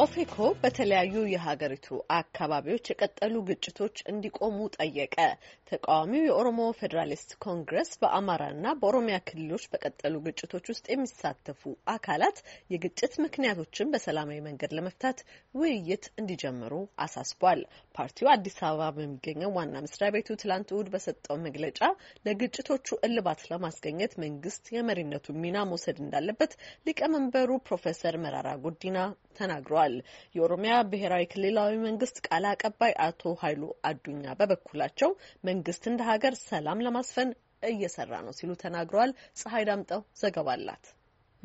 ኦፌኮ በተለያዩ የሀገሪቱ አካባቢዎች የቀጠሉ ግጭቶች እንዲቆሙ ጠየቀ። ተቃዋሚው የኦሮሞ ፌዴራሊስት ኮንግረስ በአማራና በኦሮሚያ ክልሎች በቀጠሉ ግጭቶች ውስጥ የሚሳተፉ አካላት የግጭት ምክንያቶችን በሰላማዊ መንገድ ለመፍታት ውይይት እንዲጀምሩ አሳስቧል። ፓርቲው አዲስ አበባ በሚገኘው ዋና መስሪያ ቤቱ ትላንት እሁድ በሰጠው መግለጫ ለግጭቶቹ እልባት ለማስገኘት መንግስት የመሪነቱን ሚና መውሰድ እንዳለበት ሊቀመንበሩ ፕሮፌሰር መራራ ጉዲና ተናግረዋል። ተናግረዋል። የኦሮሚያ ብሔራዊ ክልላዊ መንግስት ቃል አቀባይ አቶ ኃይሉ አዱኛ በበኩላቸው መንግስት እንደ ሀገር ሰላም ለማስፈን እየሰራ ነው ሲሉ ተናግረዋል። ፀሐይ ዳምጠው ዘገባ አላት።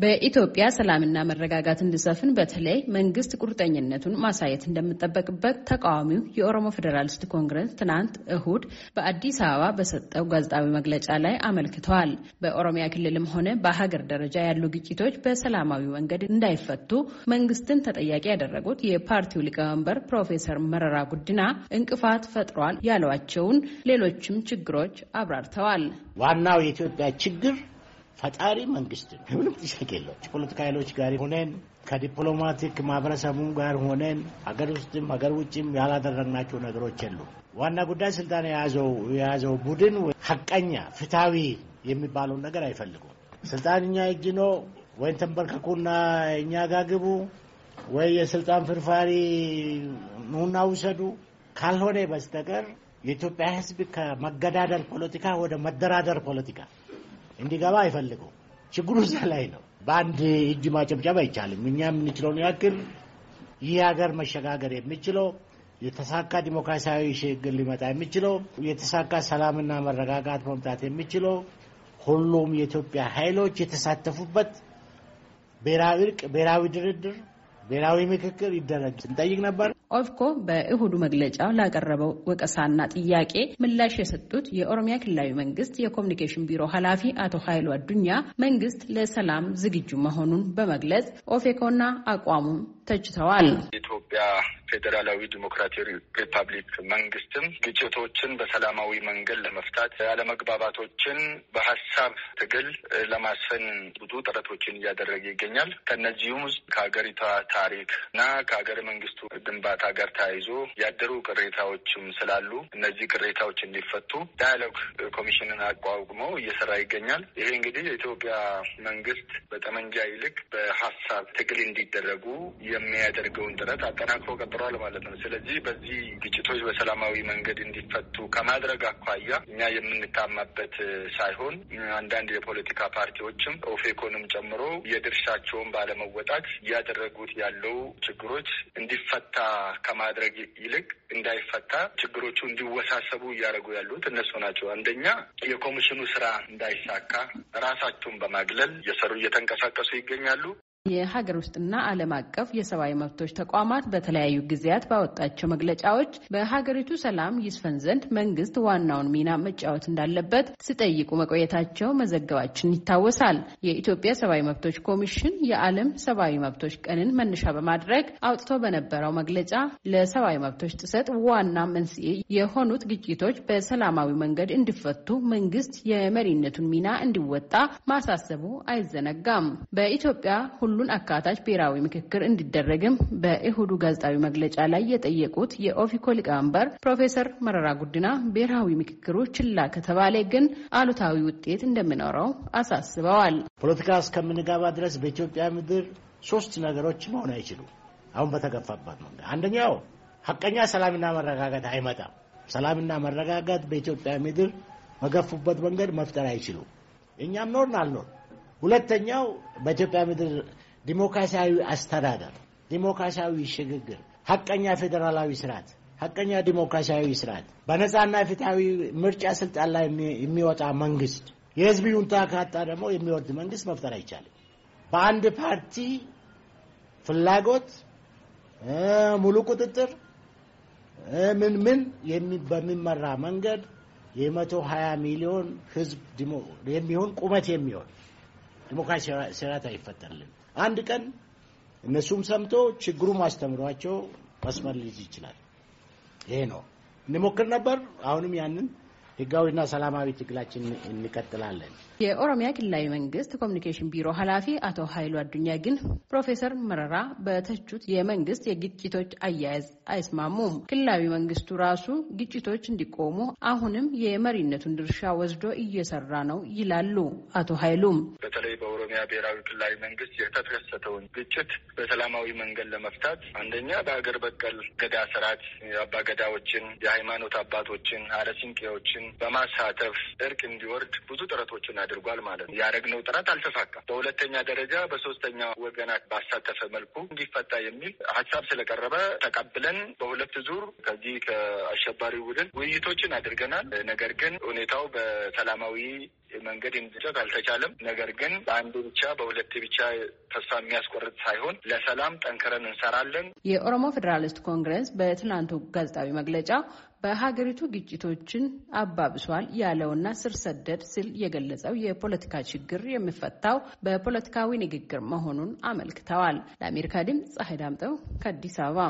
በኢትዮጵያ ሰላምና መረጋጋት እንዲሰፍን በተለይ መንግስት ቁርጠኝነቱን ማሳየት እንደምጠበቅበት ተቃዋሚው የኦሮሞ ፌዴራሊስት ኮንግረስ ትናንት እሁድ በአዲስ አበባ በሰጠው ጋዜጣዊ መግለጫ ላይ አመልክተዋል። በኦሮሚያ ክልልም ሆነ በሀገር ደረጃ ያሉ ግጭቶች በሰላማዊ መንገድ እንዳይፈቱ መንግስትን ተጠያቂ ያደረጉት የፓርቲው ሊቀመንበር ፕሮፌሰር መረራ ጉዲና እንቅፋት ፈጥሯል ያሏቸውን ሌሎችም ችግሮች አብራርተዋል። ዋናው የኢትዮጵያ ችግር ፈጣሪ መንግስት ነው። ምንም ጥያቄ የለው። ከፖለቲካ ኃይሎች ጋር ሆነን ከዲፕሎማቲክ ማህበረሰቡ ጋር ሆነን ሀገር ውስጥም ሀገር ውጭም ያላደረግናቸው ነገሮች የሉ። ዋና ጉዳይ ስልጣን የያዘው ቡድን ሀቀኛ ፍትሐዊ የሚባለውን ነገር አይፈልጉም። ስልጣን እኛ እጅ ነው ወይም ተንበርከኩና እኛ ጋር ግቡ ወይ የስልጣን ፍርፋሪ ኑና ውሰዱ ካልሆነ በስተቀር የኢትዮጵያ ሕዝብ ከመገዳደል ፖለቲካ ወደ መደራደር ፖለቲካ እንዲገባ አይፈልጉም። ችግሩ እዛ ላይ ነው። በአንድ እጅ ማጨብጨብ አይቻልም። እኛ የምንችለውን ያክል ይህ ሀገር መሸጋገር የሚችለው የተሳካ ዲሞክራሲያዊ ሽግግር ሊመጣ የሚችለው የተሳካ ሰላምና መረጋጋት መምጣት የሚችለው ሁሉም የኢትዮጵያ ኃይሎች የተሳተፉበት ብሔራዊ እርቅ፣ ብሔራዊ ድርድር፣ ብሔራዊ ምክክር ይደረግ ስንጠይቅ ነበር። ኦፌኮ በእሁዱ መግለጫው ላቀረበው ወቀሳና ጥያቄ ምላሽ የሰጡት የኦሮሚያ ክልላዊ መንግስት የኮሚኒኬሽን ቢሮ ኃላፊ አቶ ኃይሉ አዱኛ መንግስት ለሰላም ዝግጁ መሆኑን በመግለጽ ኦፌኮና አቋሙን ተችተዋል። ኢትዮጵያ ፌዴራላዊ ዲሞክራቲክ ሪፐብሊክ መንግስትም ግጭቶችን በሰላማዊ መንገድ ለመፍታት አለመግባባቶችን በሀሳብ ትግል ለማስፈን ብዙ ጥረቶችን እያደረገ ይገኛል። ከእነዚህም ውስጥ ከሀገሪቷ ታሪክ እና ከሀገረ መንግስቱ ግንባታ ጋር ተያይዞ ያደሩ ቅሬታዎችም ስላሉ እነዚህ ቅሬታዎች እንዲፈቱ ዳያሎግ ኮሚሽንን አቋቁሞ እየሰራ ይገኛል። ይሄ እንግዲህ የኢትዮጵያ መንግስት በጠመንጃ ይልቅ በሀሳብ ትግል እንዲደረጉ የሚያደርገውን ጥረት አጠናክሮ ቀጥሯል። ተፈጥረዋል ማለት ነው። ስለዚህ በዚህ ግጭቶች በሰላማዊ መንገድ እንዲፈቱ ከማድረግ አኳያ እኛ የምንታማበት ሳይሆን አንዳንድ የፖለቲካ ፓርቲዎችም ኦፌኮንም ጨምሮ የድርሻቸውን ባለመወጣት እያደረጉት ያለው ችግሮች እንዲፈታ ከማድረግ ይልቅ እንዳይፈታ ችግሮቹ እንዲወሳሰቡ እያደረጉ ያሉት እነሱ ናቸው። አንደኛ የኮሚሽኑ ስራ እንዳይሳካ ራሳቸውን በማግለል እየሰሩ እየተንቀሳቀሱ ይገኛሉ። የሀገር ውስጥና ዓለም አቀፍ የሰብአዊ መብቶች ተቋማት በተለያዩ ጊዜያት ባወጣቸው መግለጫዎች በሀገሪቱ ሰላም ይስፈን ዘንድ መንግስት ዋናውን ሚና መጫወት እንዳለበት ሲጠይቁ መቆየታቸው መዘገባችን ይታወሳል። የኢትዮጵያ ሰብአዊ መብቶች ኮሚሽን የዓለም ሰብአዊ መብቶች ቀንን መነሻ በማድረግ አውጥቶ በነበረው መግለጫ ለሰብአዊ መብቶች ጥሰት ዋና መንስኤ የሆኑት ግጭቶች በሰላማዊ መንገድ እንዲፈቱ መንግስት የመሪነቱን ሚና እንዲወጣ ማሳሰቡ አይዘነጋም። በኢትዮጵያ ሁሉ ሁሉን አካታች ብሔራዊ ምክክር እንዲደረግም በኢሁዱ ጋዜጣዊ መግለጫ ላይ የጠየቁት የኦፊኮ ሊቀመንበር ፕሮፌሰር መረራ ጉዲና ብሔራዊ ምክክሩ ችላ ከተባለ ግን አሉታዊ ውጤት እንደሚኖረው አሳስበዋል። ፖለቲካ እስከምንጋባ ድረስ በኢትዮጵያ ምድር ሶስት ነገሮች መሆን አይችሉ። አሁን በተገፋባት መንገድ አንደኛው ሀቀኛ ሰላምና መረጋጋት አይመጣም። ሰላምና መረጋጋት በኢትዮጵያ ምድር መገፉበት መንገድ መፍጠር አይችሉም። እኛም ኖርን አልኖር። ሁለተኛው በኢትዮጵያ ምድር ዲሞክራሲያዊ አስተዳደር፣ ዲሞክራሲያዊ ሽግግር፣ ሀቀኛ ፌዴራላዊ ስርዓት፣ ሀቀኛ ዲሞክራሲያዊ ስርዓት፣ በነፃና ፍትሐዊ ምርጫ ስልጣን ላይ የሚወጣ መንግስት፣ የህዝብ ይሁንታ ካጣ ደግሞ የሚወርድ መንግስት መፍጠር አይቻልም። በአንድ ፓርቲ ፍላጎት ሙሉ ቁጥጥር ምን ምን በሚመራ መንገድ የመቶ ሀያ ሚሊዮን ህዝብ የሚሆን ቁመት የሚሆን ዲሞክራሲ ስርዓት አይፈጠርልን። አንድ ቀን እነሱም ሰምቶ ችግሩም አስተምሯቸው መስመር ሊይዝ ይችላል። ይሄ ነው እንሞክር ነበር። አሁንም ያንን ህጋዊና ሰላማዊ ትግላችን እንቀጥላለን። የኦሮሚያ ክልላዊ መንግስት ኮሚኒኬሽን ቢሮ ኃላፊ አቶ ኃይሉ አዱኛ ግን ፕሮፌሰር መረራ በተቹት የመንግስት የግጭቶች አያያዝ አይስማሙም። ክልላዊ መንግስቱ ራሱ ግጭቶች እንዲቆሙ አሁንም የመሪነቱን ድርሻ ወስዶ እየሰራ ነው ይላሉ። አቶ ኃይሉም በተለይ በኦሮሚያ ብሔራዊ ክልላዊ መንግስት የተከሰተውን ግጭት በሰላማዊ መንገድ ለመፍታት አንደኛ በሀገር በቀል ገዳ ስርዓት አባገዳዎችን፣ የሃይማኖት አባቶችን፣ አረሲንቄዎችን በማሳተፍ እርቅ እንዲወርድ ብዙ ጥረቶችን አድርጓል ማለት ነው። ያደረግነው ጥረት አልተሳካም። በሁለተኛ ደረጃ በሶስተኛ ወገናት ባሳተፈ መልኩ እንዲፈታ የሚል ሀሳብ ስለቀረበ ተቀብለን በሁለት ዙር ከዚህ ከአሸባሪ ቡድን ውይይቶችን አድርገናል። ነገር ግን ሁኔታው በሰላማዊ መንገድ እንዲጨት አልተቻለም። ነገር ግን በአንድ ብቻ በሁለት ብቻ ተስፋ የሚያስቆርጥ ሳይሆን ለሰላም ጠንክረን እንሰራለን። የኦሮሞ ፌዴራሊስት ኮንግረስ በትናንቱ ጋዜጣዊ መግለጫ በሀገሪቱ ግጭቶችን አባብሷል ያለውና ስር ሰደድ ሲል የገለጸው የፖለቲካ ችግር የሚፈታው በፖለቲካዊ ንግግር መሆኑን አመልክተዋል። ለአሜሪካ ድምፅ ፀሐይ ዳምጠው ከአዲስ አበባ